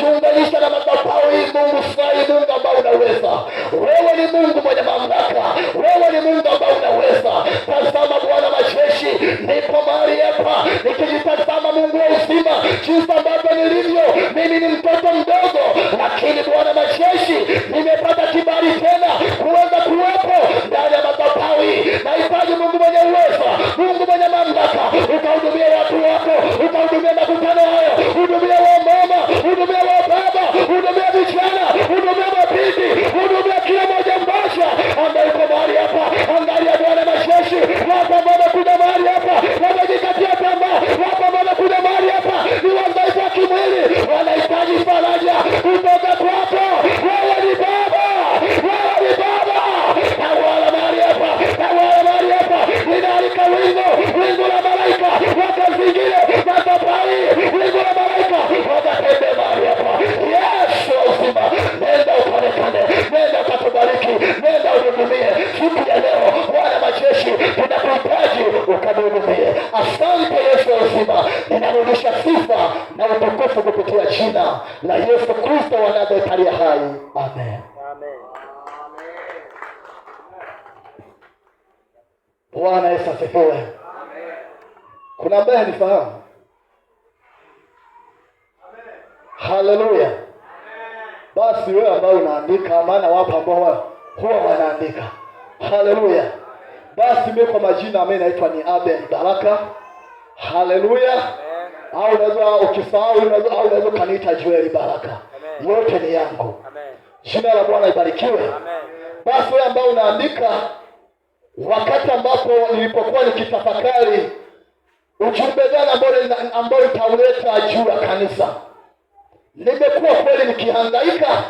Tuunganisha na madhabahu hii Mungu Sai, Mungu ambao unaweza wewe, ni Mungu mwenye mamlaka, wewe ni Mungu ambao unaweza. Tazama Bwana majeshi, nipo mahali hapa nikijitazama, Mungu wa uzima, jinsi ambavyo nilivyo mimi, ni mtoto mdogo, lakini Bwana majeshi, nimepata kibali tena kuweza kuwepo ndani ya madhabahu hii. Nahitaji Mungu mwenye uweza, Mungu mwenye mamlaka, ukahudumia watu wako, ukahudumia makutano hayo, hudumia mama, hudumia wababa, hudumia vijana, hudumia nenda unihudumie siku ya leo. Bwana majeshi, tunakuhitaji ukanihudumie. Asante Yesu mzima, ninarudisha sifa na utukufu kupitia jina la Yesu Kristo wa Nazareti aliye hai, amen. Bwana Yesu asifiwe. Kuna ambaye nifahamu? Haleluya! Basi wewe ambao unaandika, maana wapo ambao huwa wanaandika. Haleluya! Basi mimi kwa majina mimi naitwa ni Abel Baraka. Haleluya! Au unaweza ukisahau, au unaweza kaniita Joel Baraka. Yote ni yangu. Amen. Jina la Bwana ibarikiwe. Amen. Basi wewe ambao unaandika, wakati ambapo nilipokuwa nikitafakari ujumbe gani ambao utauleta juu ya kanisa, nimekuwa kweli nikihangaika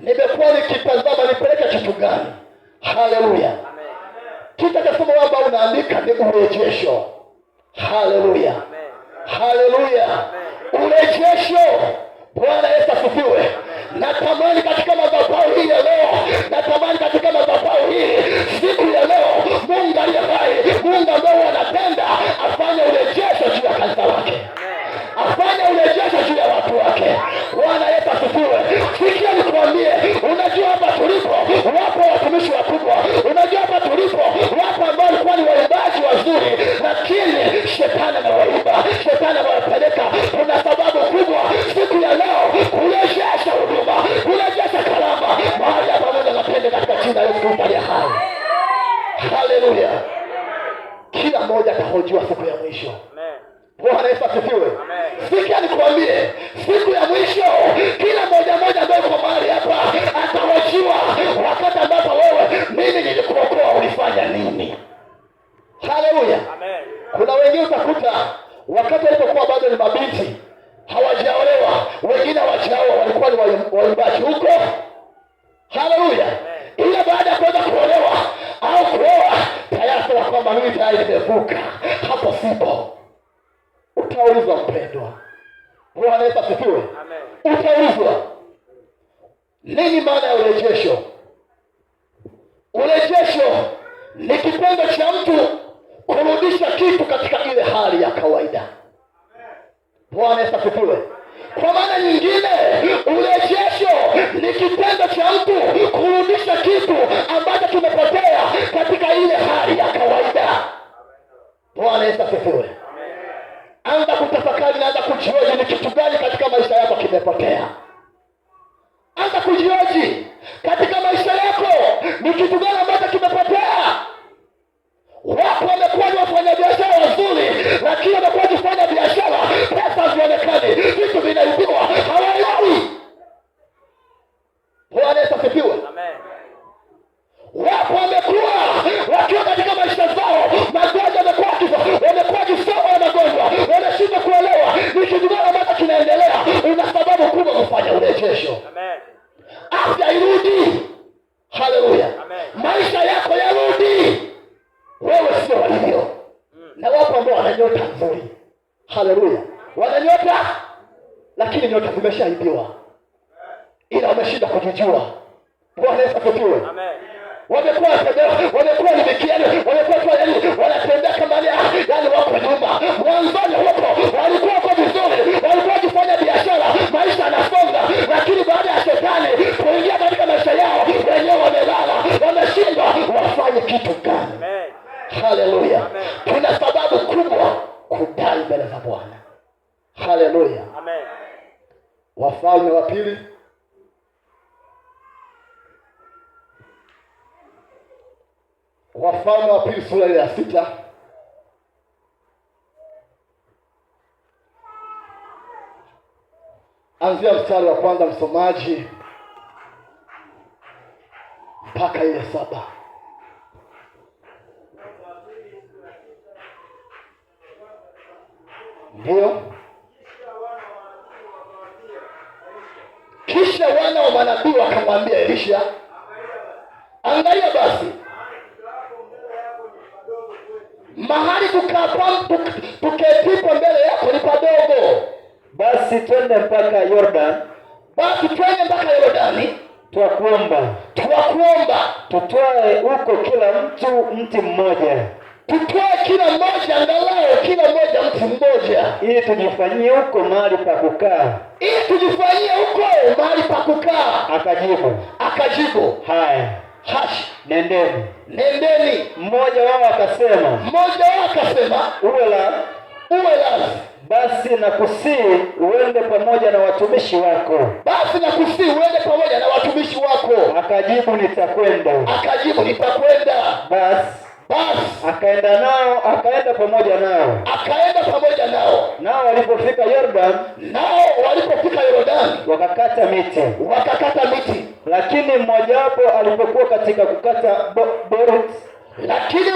nimekuwa nikitazama nipeleke kitu gani? Haleluya! Kitakasema kwamba unaandika ni urejesho. Haleluya, haleluya, urejesho. Bwana Yesu asifiwe. Natamani katika madhabahu hii ya leo, natamani katika madhabahu hii siku ya leo, Mungu aliye hai, Mungu ambaye anapenda afanye urejesho juu ya kanisa lake, afanye urejesho juu ya watu wake. Bwana sababu Sikia nikwambie, unajua hapa tulipo wapo watumishi wakubwa, unajua hapa tulipo wapo ambao walikuwa ni waimbaji wazuri, lakini shetani amewaiba, shetani amewapeleka waimbaji huko. Haleluya! Ila baada ya kuweza kuolewa au kuoa, tayari sema kwamba mimi tayari nimevuka, hapo sipo. Utaulizwa mpendwa. Bwana Yesu asifiwe. Utaulizwa nini maana ya urejesho? Urejesho ni kitendo cha mtu kurudisha kitu katika ile hali ya kawaida. Bwana Yesu asifiwe. Kwa maana nyingine, urejesho ni kitendo cha mtu kurudisha kitu ambacho kimepotea katika ile hali ya kawaida. Bwana Yesu asifiwe. Anza kutafakari na kujioji, ni kitu gani katika maisha yako kimepotea. Anza kujioji katika maisha yako, ni kitu gani ambacho kimepotea. wapo wamekuwa ni wafanyabiashara wazuri, lakini wamekuwa wakifanya biashara havionekani, vitu vinaibiwa, hawaelewi. Bwana asifiwe. Wapo wamekuwa wakiwa katika maisha zao magonjwa, wamekuwa wakisoa ya magonjwa, wameshindwa kuelewa ni kitu gani ambacho kinaendelea. Una sababu kubwa kufanya urejesho. 下一笔啊。anzia mstari wa kwanza msomaji mpaka ile saba. Ndio, kisha wana wa manabii wakamwambia Elisha, angalia basi mahali tuketipo mbele yako ni padogo basi twende mpaka Yordani, basi twende mpaka Yordani, twakuomba twakuomba, tutwae huko kila mtu mti mmoja tutoe kila mmoja angalau kila mmoja mti mmoja, ili tujifanyie huko mahali pa kukaa, ili tujifanyie huko mahali pa kukaa. Akajibu akajibu haya, hash, nendeni nendeni. Mmoja wao akasema, mmoja wao akasema, uwe la uwe la basi nakusii uende pamoja na watumishi wako. Basi nakusii uende pamoja na watumishi wako. Akajibu, nitakwenda. Akajibu, nitakwenda. Basi basi akaenda nao, akaenda pamoja nao, akaenda pamoja nao. Nao walipofika Yordani, nao walipofika Yordani wakakata miti, wakakata miti. Lakini mmojawapo alipokuwa katika kukata boriti, lakini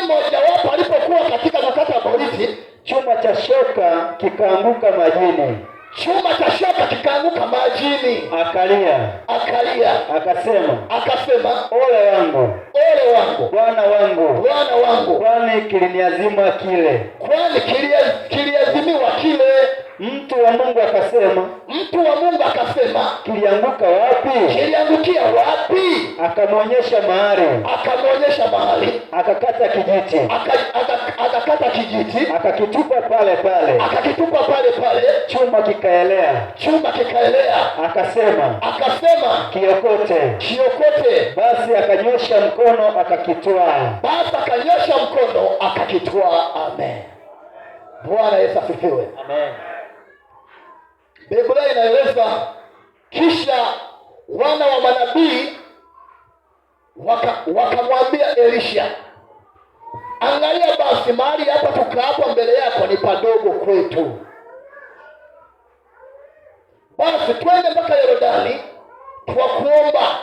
wapo alipokuwa katika kukata boriti chuma cha shoka kikaanguka majini chuma cha shoka kikaanguka majini, akalia akalia, akasema akasema, ole wangu, ole wangu, Bwana wangu, Bwana wangu, kwani kiliniazima kile, kwani wa Mungu akasema, mtu wa Mungu akasema, kilianguka wapi? Kiliangukia wapi? Akamwonyesha mahali, akamwonyesha mahali, akakata kijiti, akakata kijiti, akakitupa pale pale, akakitupa pale pale, chuma kikaelea, chuma kikaelea. Akasema, akasema, kiokote, kiokote. Basi akanyosha mkono akakitwaa, basi akanyosha mkono akakitwaa. Amen. Bwana Yesu asifiwe. Amen. Biblia inaeleza kisha wana wa manabii wakamwambia waka Elisha, angalia basi mahali hapa tukaapa mbele yako ni padogo kwetu, basi twende mpaka Yordani twakuomba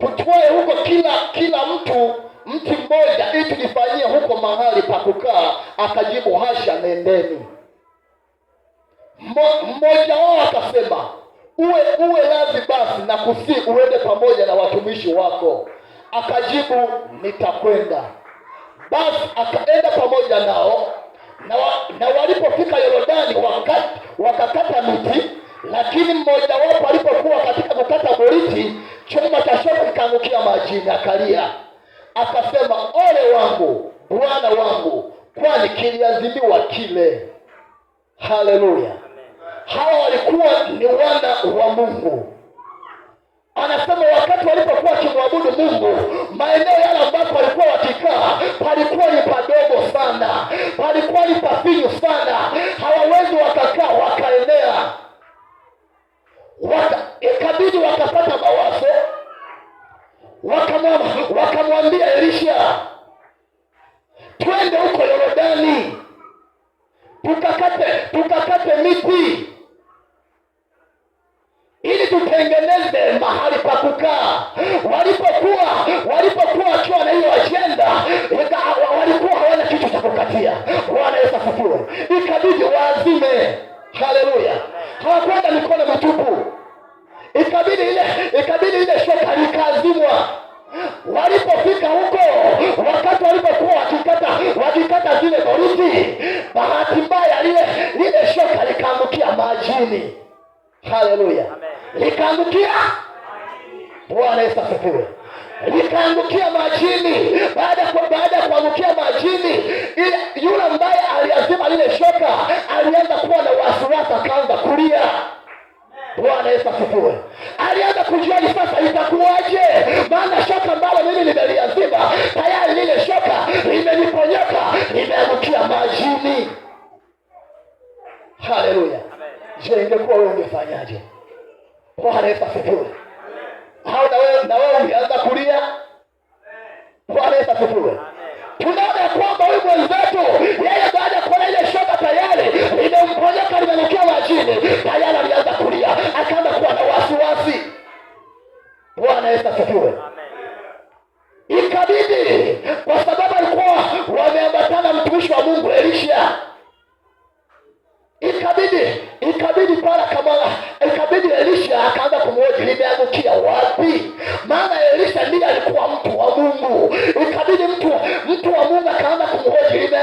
tutwae huko kila kila mtu mti mmoja, ili tujifanyie huko mahali pa kukaa. Akajibu, hasha, nendeni mmoja wao akasema, uwe uwe radhi basi na kusi uende pamoja na watumishi wako. Akajibu, nitakwenda. Basi akaenda pamoja nao na, wa, na walipofika Yorodani wakati wakakata miti, lakini mmoja wao alipokuwa katika kukata boriti, chuma cha shoka kikaangukia majini, akalia akasema, ole wangu Bwana wangu, kwani kiliazimiwa kile. Haleluya! hawa walikuwa ni wana wa Mungu. Anasema wakati walipokuwa wakimwabudu Mungu, maeneo yale ambapo walikuwa wakikaa palikuwa ni padogo sana, palikuwa ni pafinyu sana, hawawezi wakakaa wakaenea waka, e, ikabidi wakapata mawazo, wakamwambia waka Elisha, twende huko Yorodani tukakate, tukakate miti utengeneze mahali pa kukaa. Walipokuwa walipokuwa wakiwa na hiyo ajenda, walikuwa hawana kitu cha kukatia. Bwana Yesu asifiwe! Ikabidi waazime. Haleluya! hawakwenda mikono mitupu, ikabidi ile ikabidi ile shoka likaazimwa. Walipofika huko, wakati walipokuwa wakikata wakikata zile boriti, bahati mbaya lile lile shoka likaangukia majini. Haleluya! likaangukia Bwana Yesu asifiwe, likaangukia majini. Baada kwa baada ya kuangukia majini, yule ambaye aliazima lile shoka alianza kuwa na wasiwasi, akaanza kulia. Bwana Yesu asifiwe. Alianza ni sasa, itakuwaje? Maana shoka ambalo mimi nimeliazima tayari, lile shoka limeniponyoka, limeangukia majini. Haleluya! Je, ingekuwa wewe ungefanyaje? উপহারে পাঠিয়ে দাও দাও দাও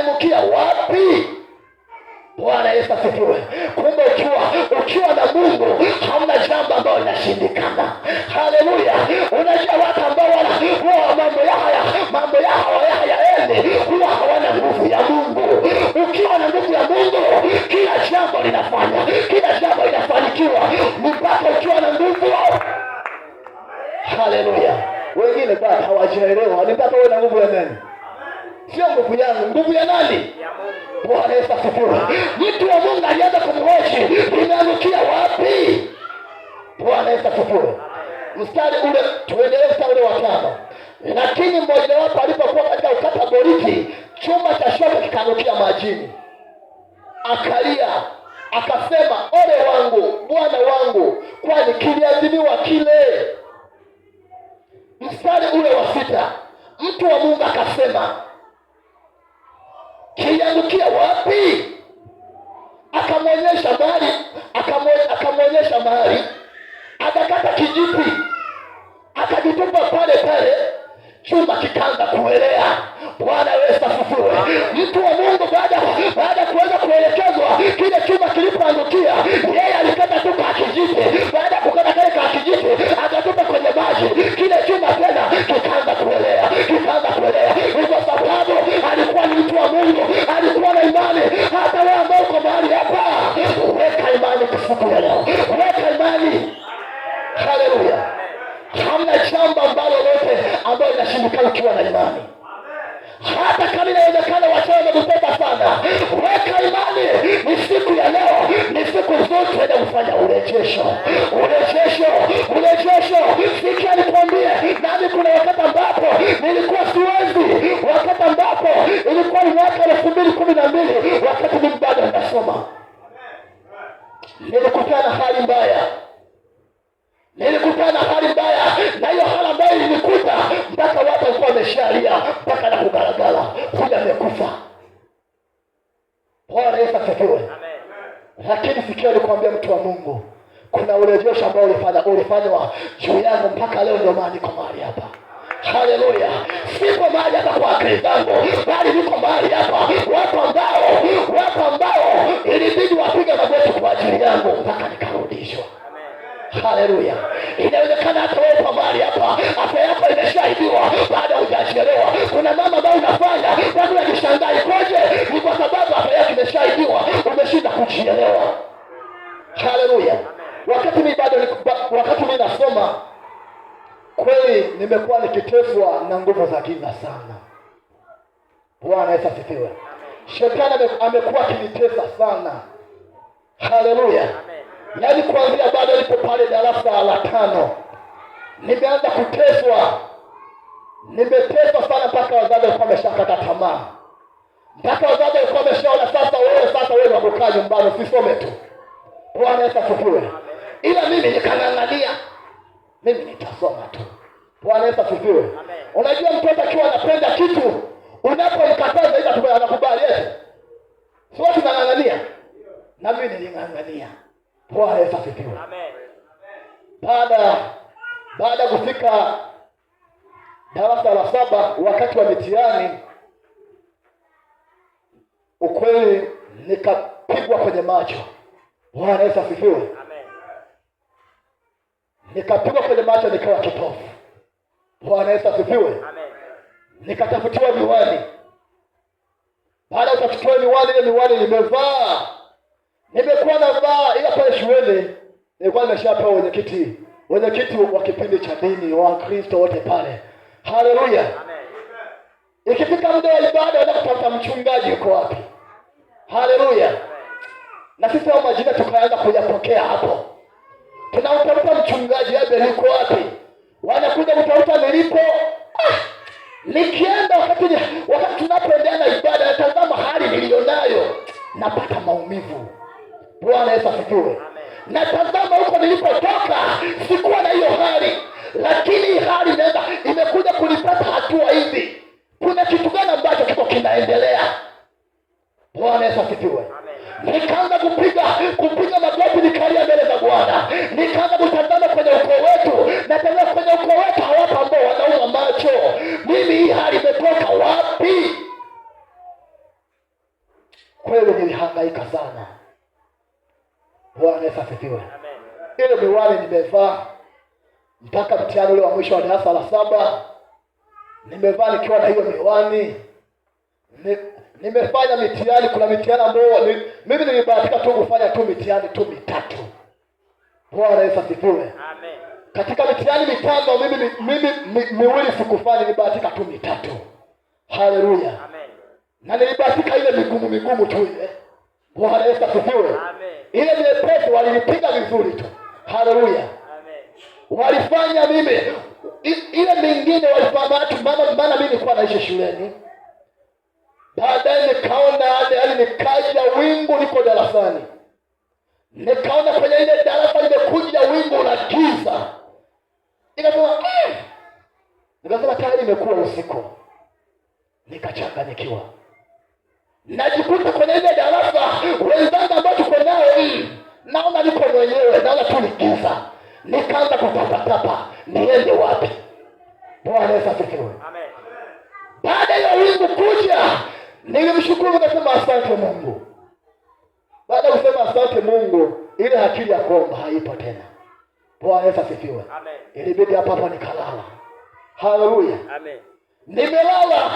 unaangukia wapi? Bwana Yesu asifiwe. Kumbe ukiwa ukiwa na Mungu hamna jambo ambayo linashindikana. Haleluya! Unajua watu ambao wana wao mambo ya haya mambo haya hayaendi, huwa hawana nguvu ya Mungu. Ukiwa na nguvu ya Mungu, kila jambo linafanya, kila jambo linafanikiwa, mpaka ukiwa na nguvu. Haleluya! Wengine bado hawajaelewa ni mpaka uwe na nguvu ya nani? sio nguvu yangu, nguvu ya nani? Bwana Yesu asifiwe. Mtu wa Mungu alianza kumwoji, imeangukia wapi? Bwana Yesu asifiwe. Mstari ule tuendelee, mstari ule wa tano. Lakini mmoja wapo alipokuwa katika ukata boriti, chuma cha shoka kikaangukia majini, akalia akasema, ole wangu Bwana wangu, kwani kiliadhimiwa kile. Mstari ule wa sita, mtu wa Mungu akasema Iliangukia wapi? Akamwonyesha mahali, akamwonyesha mahali, akakata kijiti, akajitupa pale pale, chuma kikaanza kuelea. Bwana Yesu asifiwe. Mtu wa Mungu baada baada kuweza kuelekezwa kile chuma kilipoangukia, yeye alikata tu kwa kijiti. Baada ya kukata kale kwa kijiti, akatupa kwenye maji, kile chuma tena kikaanza kuelea, kikaanza kuelea ni kwa sababu alikuwa ni mtu wa Mungu, alikuwa na imani. Hata wewe ambao uko mahali hapa, weka imani kwa siku ya leo, weka imani. Haleluya! Hamna jambo ambalo lote ambayo inashindikana ukiwa na imani hata kama inawezekana watu wamekuteka sana, weka imani. Ni siku ya leo, ni siku zote tuende kufanya urejesho, urejesho, urejesho. Sikia nikwambie, nami kuna wakati ambapo nilikuwa siwezi, wakati ambapo ilikuwa ni mwaka elfu mbili kumi na mbili wakati mimi bado ninasoma, nilikutana hali mbaya nilikutana hali mbaya, na hiyo hali ambayo ilikuta mpaka watu walikuwa wameshalia mpaka wa Mungu, kuna urejesho ambao ulifanya ulifanywa juu yangu mpaka leo. Ndio maana niko mahali hapa. Haleluya! Siko mahali hapa kwa akili zangu, bali niko mahali hapa. Watu ambao watu ambao ilibidi wapiga magoti kwa ajili yangu mpaka nikarudishwa. Haleluya! Inawezekana hata wewe kwa mahali hapa afya yako amebebwa na nguvu za giza sana. Bwana Yesu asifiwe. Shetani amekuwa akinitesa sana, haleluya. Yaani kuanzia bado alipo pale darasa la tano nimeanza kuteswa, nimeteswa sana mpaka wazazi walikuwa wameshakata tamaa, mpaka wazazi walikuwa wameshaona sasa, wewe sasa, wewe wakukaa nyumbani usisome tu. Bwana Yesu asifiwe. Ila mimi nikang'ang'ania, mimi nitasoma tu Bwana Yesu asifiwe. Unajua mtoto akiwa anapenda kitu unapomkataza ila anakubali eti. Sio watu tunang'ang'ania. Na mimi niling'ang'ania. Bwana Yesu asifiwe. Amen. Baada baada kufika darasa la saba wakati wa mitihani ukweli nikapigwa kwenye macho. Bwana Yesu asifiwe. Amen. Nikapigwa kwenye macho nikawa kipofu. Bwana Yesu asifiwe. Nikatafutiwa miwani. Baada ya kutafutiwa miwani, ile miwani nimevaa, nimekuwa navaa, ila pale shuleni nilikuwa nimeshapewa wenyekiti, wenyekiti wa kipindi cha dini wa Kristo wote pale. Haleluya! Ikifika muda wa ibada, wenda kutafuta mchungaji yuko wapi? Haleluya! Na sisi hao majina tukaanza kuyapokea hapo, tunamtafuta mchungaji, abe yuko wapi? wanakuja kutafuta nilipo. Ah! nikienda wakati wakati tunapoendea na ibada, natazama hali nilionayo, napata maumivu. Bwana Yesu asifiwe. Natazama huko nilipotoka, sikuwa na hiyo hali, lakini hali inaenda imekuja kunipata hatua hizi. Kuna kitu gani ambacho kiko kinaendelea? Bwana Yesu asifiwe. Nikaanza kupiga kupiga magoti, nikalia mbele za Bwana, nikaanza asifiwe. Ile miwani nimevaa mpaka mtihani ule wa mwisho wa darasa la saba, nimevaa nikiwa na hiyo miwani ni, nimefanya mitihani. Kuna mitihani ambayo ni, mimi nilibahatika tu kufanya tu mitihani tu mitatu. Bwana Yesu asifiwe. Katika mitihani mitano mimi mimi miwili sikufanya, nilibahatika tu mitatu. Haleluya. Na nilibahatika ile migumu migumu tu ile Bwana Yesu asifiwe. Ile pepo walinipiga vizuri tu, haleluya. Walifanya mimi ile mingine walifanya maana mimi nilikuwa naishi shuleni, baadaye nikaona ali nikaja wingu liko darasani, nikaona kwenye ile darasa limekuja wingu la giza, nikasema eh. nikasema tayari imekuwa usiku, nikachanganyikiwa najikuta kwenye ile darasa wenzangu ambao tuko nao, naona niko mwenyewe, naona tu nikiza, nikaanza kutapatapa, niende wapi? Bwana Yesu asifiwe. Baada ya wingu kuja, nilimshukuru nikasema, asante Mungu. Baada ya kusema asante Mungu, ile akili ya kuomba haipo tena. Bwana Yesu asifiwe. Ilibidi hapa hapa nikalala. Haleluya, nimelala.